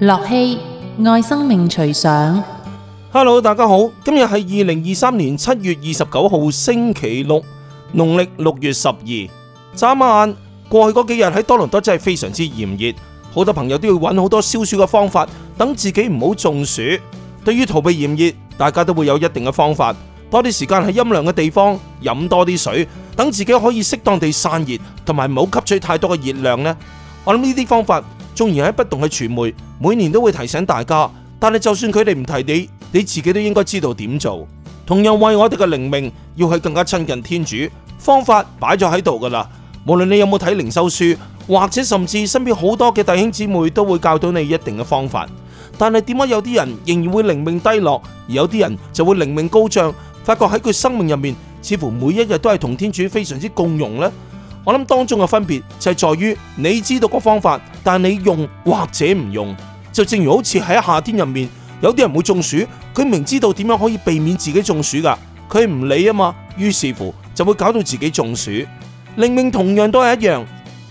駱曦愛生命隨想，Hello，大家好，今日係二零二三年七月二十九號星期六，農曆六月十二。眨眼過去嗰幾日喺多倫多真係非常之炎熱，好多朋友都要揾好多消暑嘅方法，等自己唔好中暑。對於逃避炎熱，大家都會有一定嘅方法，多啲時間喺陰涼嘅地方，飲多啲水，等自己可以適當地散熱，同埋唔好吸取太多嘅熱量。呢我諗呢啲方法。縱然喺不同嘅傳媒，每年都會提醒大家，但係就算佢哋唔提你，你自己都應該知道點做。同樣為我哋嘅靈命，要係更加親近天主，方法擺咗喺度噶啦。無論你有冇睇靈修書，或者甚至身邊好多嘅弟兄姊妹都會教到你一定嘅方法。但係點解有啲人仍然會靈命低落，而有啲人就會靈命高漲？發覺喺佢生命入面，似乎每一日都係同天主非常之共融呢。我諗當中嘅分別就係在於，你知道個方法，但你用或者唔用，就正如好似喺夏天入面，有啲人會中暑，佢明知道點樣可以避免自己中暑噶，佢唔理啊嘛，於是乎就會搞到自己中暑。靈命同樣都係一樣，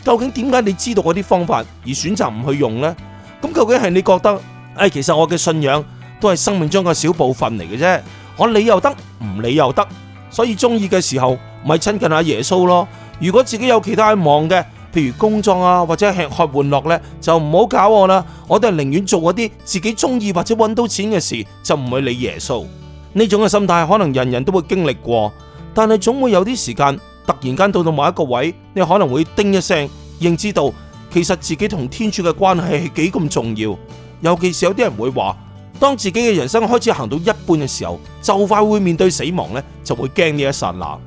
究竟點解你知道嗰啲方法而選擇唔去用呢？咁究竟係你覺得，誒、哎，其實我嘅信仰都係生命中嘅小部分嚟嘅啫，我理又得，唔理又得，所以中意嘅時候咪親近阿耶穌咯。如果自己有其他忙嘅，譬如工作啊或者吃喝玩樂咧，就唔好搞我啦。我哋寧願做嗰啲自己中意或者揾到錢嘅事，就唔去理會耶穌。呢種嘅心態可能人人都會經歷過，但係總會有啲時間突然間到到某一個位，你可能會叮一聲，認知到其實自己同天主嘅關係係幾咁重要。尤其是有啲人會話，當自己嘅人生開始行到一半嘅時候，就快會面對死亡咧，就會驚呢一剎那。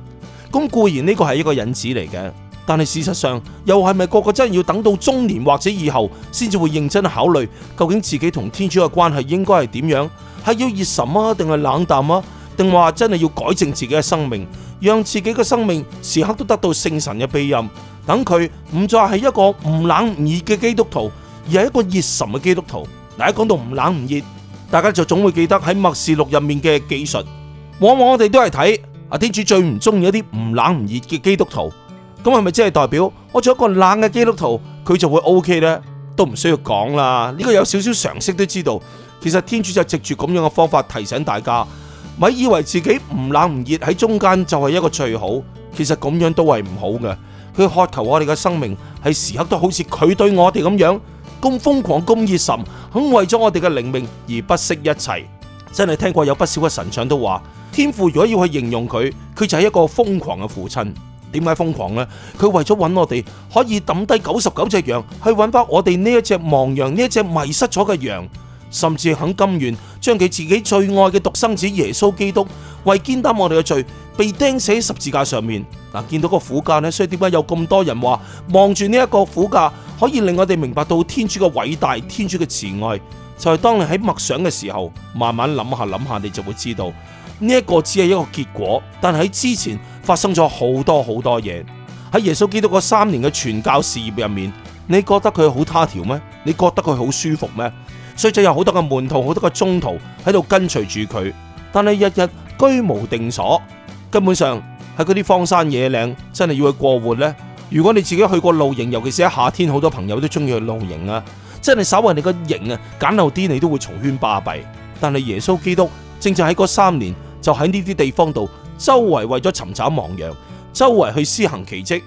咁固然呢個係一個引子嚟嘅，但係事實上又係咪個個真係要等到中年或者以後先至會認真考慮究竟自己同天主嘅關係應該係點樣？係要熱什啊，定係冷淡啊？定話真係要改正自己嘅生命，讓自己嘅生命時刻都得到聖神嘅庇蔭，等佢唔再係一個唔冷唔熱嘅基督徒，而係一個熱忱嘅基督徒。大家講到唔冷唔熱，大家就總會記得喺《默示錄》入面嘅記述，往往我哋都係睇。啊！天主最唔中意一啲唔冷唔熱嘅基督徒，咁係咪即係代表我做一個冷嘅基督徒，佢就會 OK 呢？都唔需要講啦。呢個有少少常識都知道。其實天主就藉住咁樣嘅方法提醒大家，咪以為自己唔冷唔熱喺中間就係一個最好。其實咁樣都係唔好嘅。佢渴求我哋嘅生命，係時刻都好似佢對我哋咁樣，咁瘋狂、咁熱忱，肯為咗我哋嘅靈命而不惜一切。真係聽過有不少嘅神長都話。天父如果要去形容佢，佢就係一個瘋狂嘅父親。點解瘋狂咧？佢為咗揾我哋，可以抌低九十九隻羊去揾翻我哋呢一隻亡羊、呢一隻迷失咗嘅羊，甚至肯甘願將佢自己最愛嘅獨生子耶穌基督為肩擔我哋嘅罪，被釘死喺十字架上面嗱、啊。見到個苦架咧，所以點解有咁多人話望住呢一個苦架，可以令我哋明白到天主嘅偉大，天主嘅慈愛就係、是、當你喺默想嘅時候，慢慢諗下諗下，你就會知道。呢一個只係一個結果，但係喺之前發生咗好多好多嘢。喺耶穌基督嗰三年嘅傳教事業入面，你覺得佢好他條咩？你覺得佢好舒服咩？所以就有好多嘅門徒、好多嘅宗徒喺度跟隨住佢，但係日日居無定所，根本上喺嗰啲荒山野嶺，真係要去過活呢。如果你自己去過露營，尤其是喺夏天，好多朋友都中意去露營啊，真係稍為你個營啊簡陋啲，你都會嘈喧巴閉。但係耶穌基督。正正喺嗰三年，就喺呢啲地方度，周圍為咗尋找亡羊，周圍去施行奇蹟。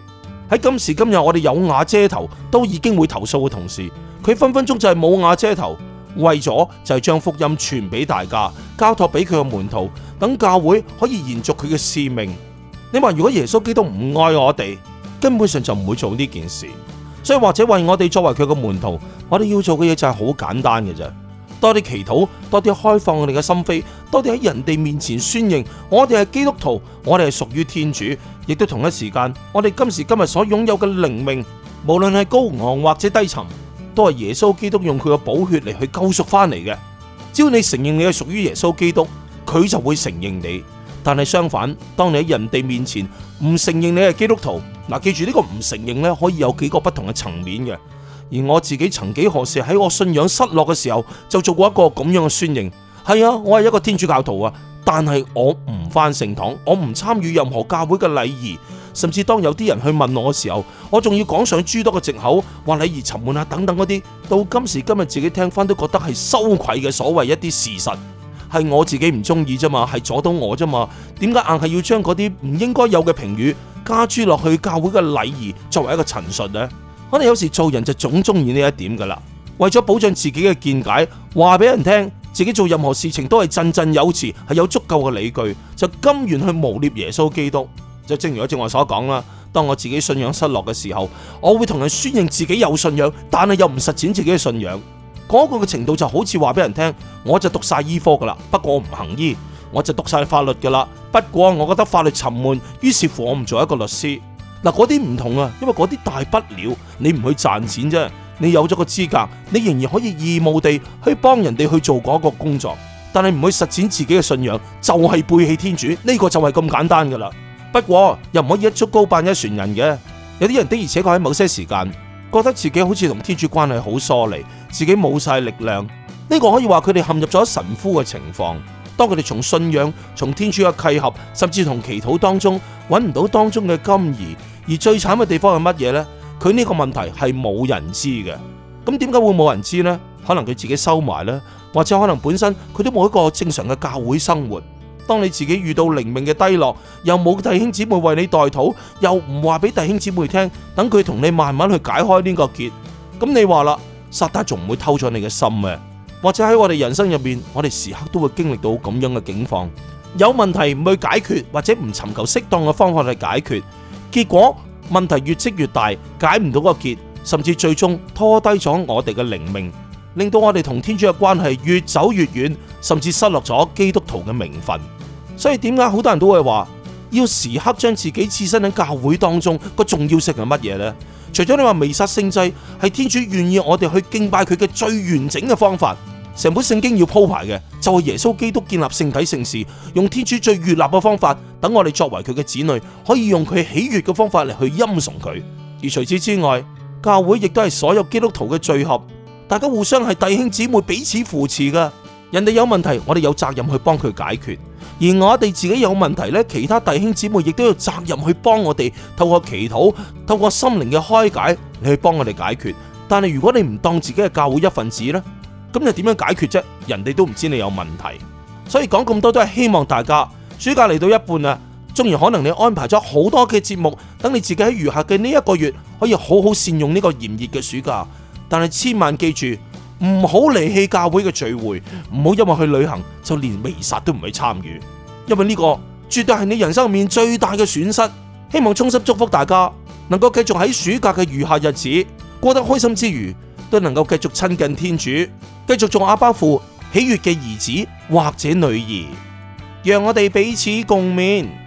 喺今時今日，我哋有瓦遮頭都已經會投訴嘅同時，佢分分鐘就係冇瓦遮頭，為咗就係將福音傳俾大家，交託俾佢嘅門徒，等教會可以延續佢嘅使命。你話如果耶穌基督唔愛我哋，根本上就唔會做呢件事。所以或者為我哋作為佢嘅門徒，我哋要做嘅嘢就係好簡單嘅啫。多啲祈禱，多啲開放我哋嘅心扉，多啲喺人哋面前宣認，我哋係基督徒，我哋係屬於天主，亦都同一時間，我哋今時今日所擁有嘅靈命，無論係高昂或者低沉，都係耶穌基督用佢嘅寶血嚟去救贖翻嚟嘅。只要你承認你係屬於耶穌基督，佢就會承認你。但係相反，當你喺人哋面前唔承認你係基督徒，嗱，記住呢個唔承認咧，可以有幾個不同嘅層面嘅。而我自己曾幾何時喺我信仰失落嘅時候，就做過一個咁樣嘅宣認。係啊，我係一個天主教徒啊，但係我唔翻聖堂，我唔參與任何教會嘅禮儀。甚至當有啲人去問我嘅時候，我仲要講上諸多嘅藉口，話禮儀沉悶啊等等嗰啲。到今時今日，自己聽翻都覺得係羞愧嘅所謂一啲事實，係我自己唔中意啫嘛，係阻到我啫嘛。點解硬係要將嗰啲唔應該有嘅評語加諸落去教會嘅禮儀作為一個陳述呢？可能有時做人就總中意呢一點噶啦，為咗保障自己嘅見解，話俾人聽自己做任何事情都係振振有詞，係有足夠嘅理據，就甘願去誣衊耶穌基督。就正如我正話所講啦，當我自己信仰失落嘅時候，我會同人宣認自己有信仰，但係又唔實踐自己嘅信仰。嗰個嘅程度就好似話俾人聽，我就讀晒醫科噶啦，不過我唔行醫；我就讀晒法律噶啦，不過我覺得法律沉悶，於是乎我唔做一個律師。嗱，嗰啲唔同啊，因為嗰啲大不了，你唔去賺錢啫，你有咗個資格，你仍然可以義務地去幫人哋去做嗰個工作，但係唔去實踐自己嘅信仰，就係、是、背棄天主，呢、這個就係咁簡單噶啦。不過又唔可以一竹篙扮一船人嘅，有啲人的而且確喺某些時間，覺得自己好似同天主關係好疏離，自己冇晒力量，呢、這個可以話佢哋陷入咗神枯嘅情況。當佢哋從信仰、從天主嘅契合，甚至同祈禱當中揾唔到當中嘅甘飴。而最慘嘅地方係乜嘢呢？佢呢個問題係冇人知嘅。咁點解會冇人知呢？可能佢自己收埋呢，或者可能本身佢都冇一個正常嘅教會生活。當你自己遇到靈命嘅低落，又冇弟兄姊妹為你代禱，又唔話俾弟兄姊妹聽，等佢同你慢慢去解開呢個結。咁你話啦，撒但仲唔會偷走你嘅心嘅？或者喺我哋人生入面，我哋時刻都會經歷到咁樣嘅境況，有問題唔去解決，或者唔尋求適當嘅方法去解決。結果問題越積越大，解唔到個結，甚至最終拖低咗我哋嘅靈命，令到我哋同天主嘅關係越走越遠，甚至失落咗基督徒嘅名分。所以點解好多人都會話，要時刻將自己置身喺教會當中，個重要性係乜嘢呢？除咗你話彌撒聖祭，係天主願意我哋去敬拜佢嘅最完整嘅方法。成本聖經要鋪排嘅就係、是、耶穌基督建立聖體聖事，用天主最悦納嘅方法，等我哋作為佢嘅子女，可以用佢喜悦嘅方法嚟去欽崇佢。而除此之外，教會亦都係所有基督徒嘅聚合，大家互相係弟兄姊妹，彼此扶持噶。人哋有問題，我哋有責任去幫佢解決；而我哋自己有問題咧，其他弟兄姊妹亦都有責任去幫我哋透過祈禱、透過心靈嘅開解，你去幫我哋解決。但係如果你唔當自己係教會一份子咧？咁又點樣解決啫？人哋都唔知你有問題，所以講咁多都係希望大家暑假嚟到一半啦，雖然可能你安排咗好多嘅節目，等你自己喺餘下嘅呢一個月可以好好善用呢個炎熱嘅暑假，但係千萬記住唔好離棄教會嘅聚會，唔好因為去旅行就連彌撒都唔去參與，因為呢、這個絕對係你人生入面最大嘅損失。希望衷心祝福大家能夠繼續喺暑假嘅餘下日子過得開心之餘。都能夠繼續親近天主，繼續做阿爸父喜悅嘅兒子或者女兒，讓我哋彼此共勉。